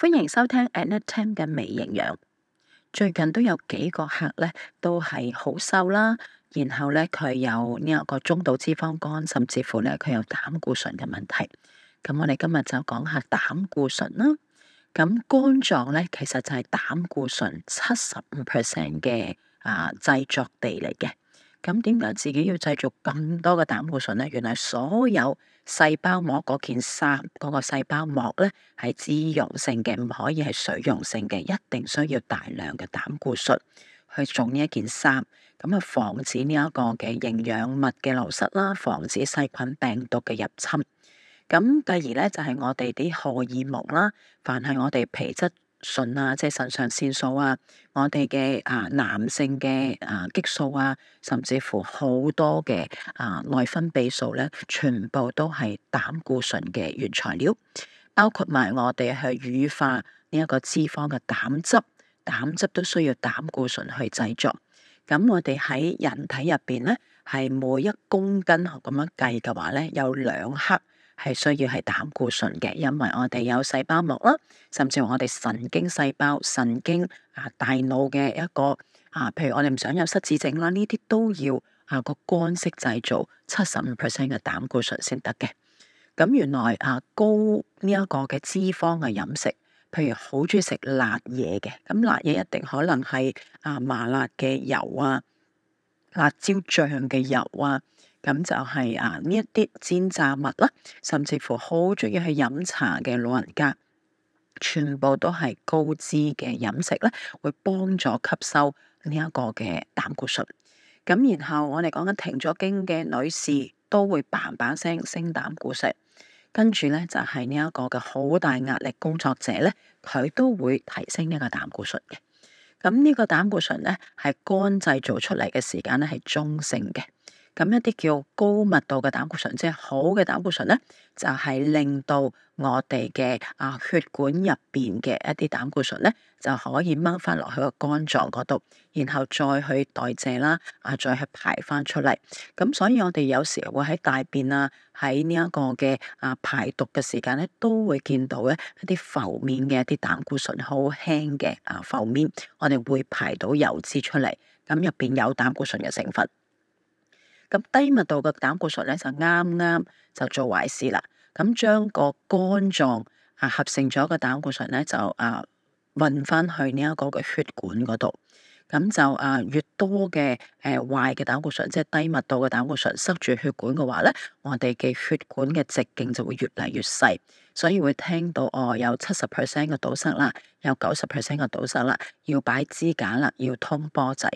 歡迎收聽 Annette Tam 嘅微營養。最近都有幾個客咧，都係好瘦啦，然後咧佢有呢一個中度脂肪肝，甚至乎咧佢有膽固醇嘅問題。咁我哋今日就講下膽固醇啦。咁肝臟咧，其實就係膽固醇七十五 percent 嘅啊製作地嚟嘅。咁點解自己要製造咁多嘅膽固醇呢？原來所有細胞膜嗰件衫，嗰、嗰個細胞膜咧係脂溶性嘅，唔可以係水溶性嘅，一定需要大量嘅膽固醇去做呢一件衫，咁啊防止呢一個嘅營養物嘅流失啦，防止細菌病毒嘅入侵。咁繼而咧就係、係、我哋啲荷爾蒙啦，凡係我哋皮質醇啊，即係腎上腺素啊，我哋嘅啊男性嘅啊激素啊，甚至乎好多嘅啊內分泌素咧，全部都係膽固醇嘅原材料，包括埋我哋去乳化呢一個脂肪嘅膽汁，膽汁都需要膽固醇去製作。咁我哋喺人體入邊咧，係每一公斤咁樣計嘅話咧，有兩克。係需要係膽固醇嘅，因為我哋有細胞膜啦，甚至我哋神經細胞、神經啊大腦嘅一個啊，譬如我哋唔想有失智症啦，呢啲都要啊個肝識製造七十五 percent 嘅膽固醇先得嘅。咁、嗯、原來啊高呢一個嘅脂肪嘅飲食，譬如好中意食辣嘢嘅，咁辣嘢一定可能係啊麻辣嘅油啊辣椒醬嘅油啊。咁就係啊呢一啲煎炸物啦，甚至乎好鍾意去飲茶嘅老人家，全部都係高脂嘅飲食咧，會幫助吸收呢一個嘅膽固醇。咁然後我哋講緊停咗經嘅女士都會嘭嘭聲升膽固醇，跟住咧就係呢一個嘅好大壓力工作者咧，佢都會提升呢個膽固醇嘅。咁呢個膽固醇咧係肝製造出嚟嘅時間咧係中性嘅。咁一啲叫高密度嘅膽固醇，即係好嘅膽固醇咧，就係令到我哋嘅啊血管入邊嘅一啲膽固醇咧，就可以掹翻落去個肝臟嗰度，然後再去代謝啦，啊，再去排翻出嚟。咁所以我哋有時會喺大便啊，喺呢一個嘅啊排毒嘅時間咧，都會見到咧一啲浮面嘅一啲膽固醇，好輕嘅啊浮面，我哋會排到油脂出嚟，咁入邊有膽固醇嘅成分。咁低密度嘅膽固醇咧就啱啱就做壞事啦。咁將個肝臟啊合成咗個膽固醇咧就啊運翻去呢一個嘅血管嗰度。咁就啊越多嘅誒、啊、壞嘅膽固醇，即係低密度嘅膽固醇塞住血管嘅話咧，我哋嘅血管嘅直徑就會越嚟越細，所以會聽到哦有七十 percent 嘅堵塞啦，有九十 percent 嘅堵塞啦，要擺支架啦，要通波仔。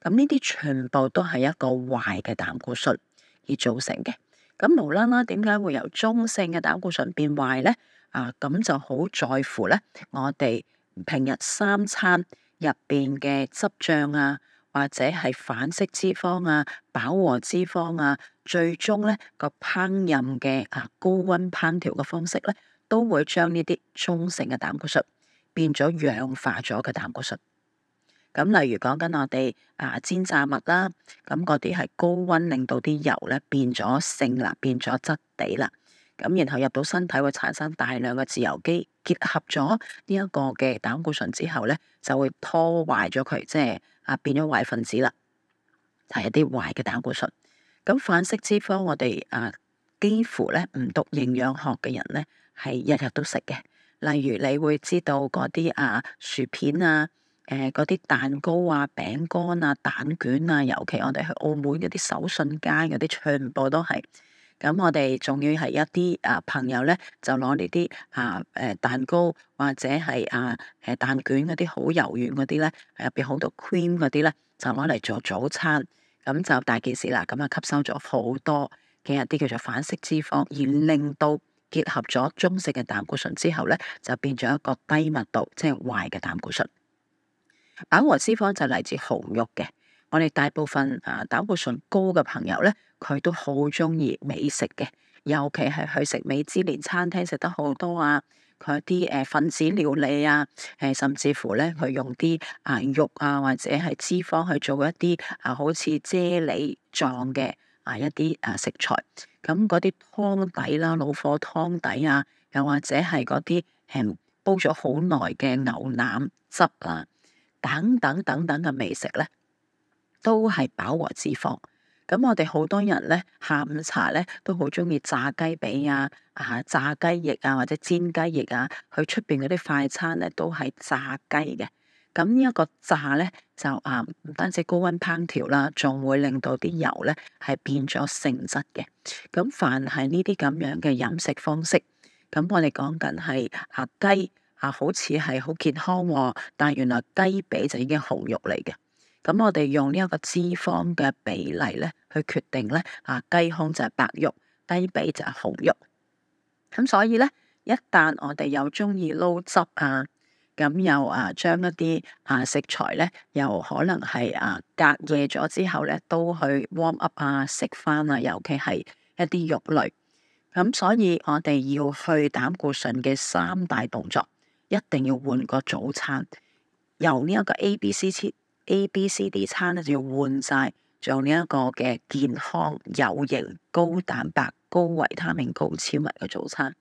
咁呢啲全部都係一個壞嘅膽固醇而造成嘅。咁無啦啦點解會由中性嘅膽固醇變壞咧？啊，咁就好在乎咧。我哋平日三餐入邊嘅汁醬啊，或者係反式脂肪啊、飽和脂肪啊，最終咧個烹飪嘅啊高溫烹調嘅方式咧，都會將呢啲中性嘅膽固醇變咗氧化咗嘅膽固醇。咁例如講緊我哋啊煎炸物啦，咁嗰啲係高溫令到啲油咧變咗性啦，變咗質地啦，咁然後入到身體會產生大量嘅自由基，結合咗呢一個嘅膽固醇之後咧，就會拖壞咗佢，即係啊變咗壞分子啦，係一啲壞嘅膽固醇。咁反式脂肪我哋啊幾乎咧唔讀營養學嘅人咧係日日都食嘅，例如你會知道嗰啲啊薯片啊。誒嗰啲蛋糕啊、餅乾啊、蛋卷啊，尤其我哋去澳門嗰啲手信街嗰啲，全部都係。咁我哋仲要係一啲啊、呃、朋友咧，就攞呢啲啊誒、呃、蛋糕或者係啊誒蛋卷嗰啲好柔軟嗰啲咧，入邊好多 cream 嗰啲咧，就攞嚟做早餐。咁就大件事啦，咁啊吸收咗好多嘅一啲叫做反式脂肪，而令到結合咗中性嘅膽固醇之後咧，就變咗一個低密度，即係壞嘅膽固醇。飽和脂肪就嚟自紅肉嘅。我哋大部分啊膽固醇高嘅朋友咧，佢都好中意美食嘅，尤其係去食米芝蓮餐廳食得好多啊。佢啲誒分子料理啊，誒甚至乎咧佢用啲啊肉啊或者係脂肪去做一啲啊好似啫喱狀嘅啊一啲啊食材。咁嗰啲湯底啦、啊，老火湯底啊，又或者係嗰啲誒煲咗好耐嘅牛腩汁啊。等等等等嘅美食咧，都係飽和脂肪。咁我哋好多人咧，下午茶咧都好鍾意炸雞髀啊、啊炸雞翼啊或者煎雞翼啊。去出邊嗰啲快餐咧都係炸雞嘅。咁呢一個炸咧就啊唔單止高溫烹調啦，仲會令到啲油咧係變咗性質嘅。咁凡係呢啲咁樣嘅飲食方式，咁我哋講緊係啊雞。雞啊，好似係好健康啊，但原來雞髀就已經紅肉嚟嘅。咁我哋用呢一個脂肪嘅比例咧，去決定咧啊，雞胸就係白肉，雞髀就係紅肉。咁所以咧，一旦我哋又中意撈汁啊，咁又啊將一啲啊食材咧，又可能係啊隔夜咗之後咧，都去 warm up 啊，食翻啊，尤其係一啲肉類。咁所以我哋要去膽固醇嘅三大動作。一定要換個早餐，由呢一個 A B C A B C D 餐咧就要換曬，做呢一個嘅健康、有型、高蛋白、高維他命、高纖維嘅早餐。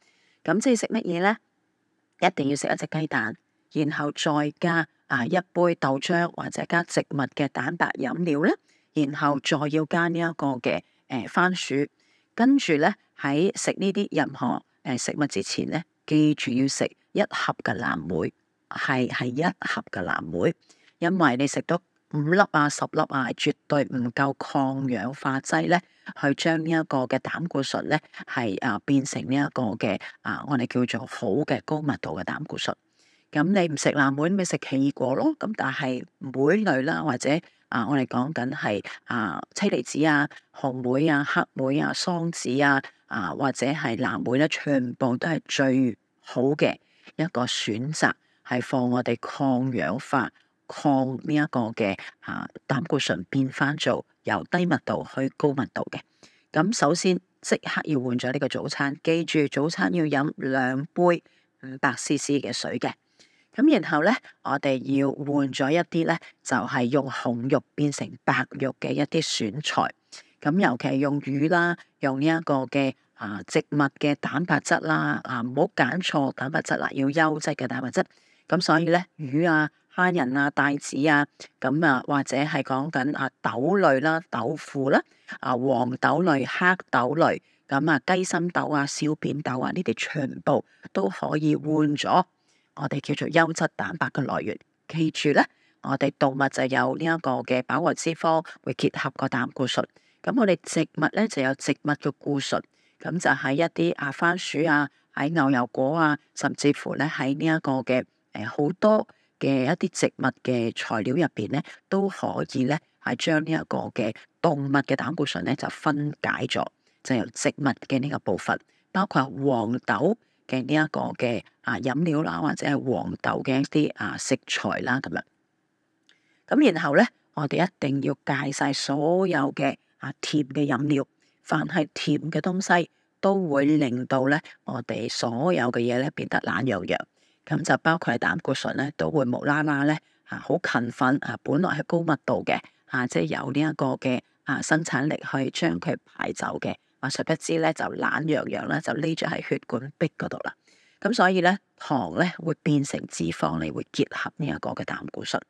咁即係食乜嘢呢？一定要食一隻雞蛋，然後再加啊一杯豆漿或者加植物嘅蛋白飲料咧，然後再要加呢一個嘅誒番薯。跟住咧，喺食呢啲任何誒食物之前咧。記住要食一盒嘅藍莓，係係一盒嘅藍莓，因為你食到五粒啊十粒啊，絕對唔夠抗氧化劑咧，去將呢一個嘅膽固醇咧係啊變成呢一個嘅啊、呃、我哋叫做好嘅高密度嘅膽固醇。咁你唔食藍莓，咪食奇異果咯。咁但係莓類啦，或者。啊！我哋講緊係啊，車釐子啊、紅莓啊、黑莓啊、桑子啊、啊或者係藍莓咧、啊，全部都係最好嘅一個選擇，係幫我哋抗氧化、抗呢一個嘅啊膽固醇變返做由低密度去高密度嘅。咁、啊、首先即刻要換咗呢個早餐，記住早餐要飲兩杯五百 CC 嘅水嘅。咁然後咧，我哋要換咗一啲咧，就係用紅肉變成白肉嘅一啲選材。咁尤其係用魚啦，用呢一個嘅啊植物嘅蛋白質啦，啊唔好揀錯蛋白質啦，要優質嘅蛋白質。咁所以咧，魚啊、蝦仁啊、帶子啊，咁啊或者係講緊啊豆類啦、豆腐啦、啊黃豆類、黑豆類，咁啊雞心豆啊、小扁豆啊，呢啲全部都可以換咗。我哋叫做優質蛋白嘅來源，記住咧，我哋動物就有呢一個嘅飽和脂肪會結合個膽固醇，咁我哋植物咧就有植物嘅固醇，咁就喺一啲啊番薯啊、喺牛油果啊，甚至乎咧喺呢一個嘅誒好多嘅一啲植物嘅材料入邊咧，都可以咧係將呢一個嘅動物嘅膽固醇咧就分解咗，就由植物嘅呢個部分，包括黃豆嘅呢一個嘅啊飲料啦，或者係黃豆嘅一啲啊食材啦，咁樣。咁然後咧，我哋一定要戒晒所有嘅啊甜嘅飲料，凡係甜嘅東西都會令到咧我哋所有嘅嘢咧變得懶洋洋。咁就包括係膽固醇咧，都會無啦啦咧啊好勤奮啊，本來係高密度嘅啊，即係有呢一個嘅啊生產力去將佢排走嘅。話誰不知咧，就懶洋洋咧，就匿咗喺血管壁嗰度啦。咁所以咧，糖咧會變成脂肪，你會結合呢一個嘅膽固醇。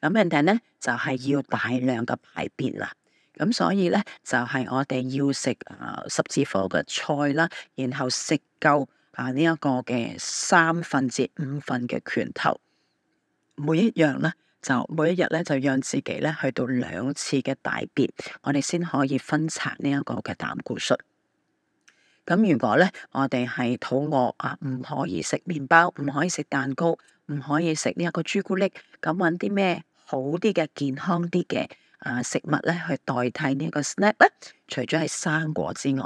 咁人哋咧就係、是、要大量嘅排便啦。咁所以咧，就係、是、我哋要食啊、呃、十字花嘅菜啦，然後食夠啊呢一、這個嘅三分至五分嘅拳頭，每一樣咧。就每一日咧，就讓自己咧去到兩次嘅大便，我哋先可以分拆呢一個嘅膽固醇。咁如果咧，我哋係肚餓啊，唔可以食麵包，唔可以食蛋糕，唔可以食呢一個朱古力，咁揾啲咩好啲嘅健康啲嘅啊食物咧去代替呢一個 snack 咧？除咗係生果之外，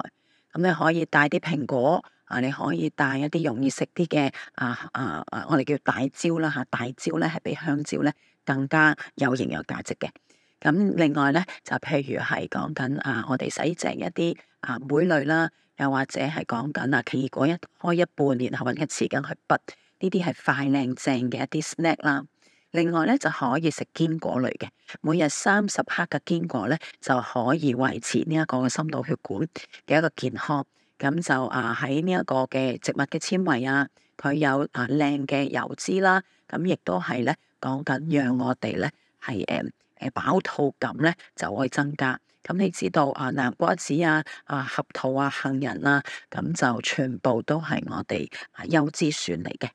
咁你可以帶啲蘋果啊，你可以帶一啲容易食啲嘅啊啊啊，我哋叫大蕉啦吓，大蕉咧係比香蕉咧。更加有營養價值嘅，咁另外咧就譬如係講緊啊，我哋洗淨一啲啊莓類啦，又或者係講緊啊奇異果一開一半，然後揾一匙羹去剝，呢啲係快靚正嘅一啲 snack 啦。另外咧就可以食堅果類嘅，每日三十克嘅堅果咧就可以維持呢一個嘅心腦血管嘅一個健康。咁就啊喺呢一個嘅植物嘅纖維啊，佢有啊靚嘅油脂啦，咁亦都係咧。講緊讓我哋咧係誒誒飽肚感咧就會增加。咁你知道啊南瓜子啊、啊核桃啊、杏仁啦、啊，咁就全部都係我哋優之選嚟嘅。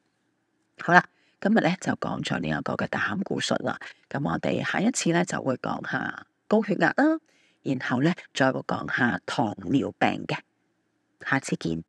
好啦，今日咧就講咗呢一個嘅膽固醇啦。咁我哋下一次咧就會講下高血壓啦，然後咧再會講下糖尿病嘅。下次見。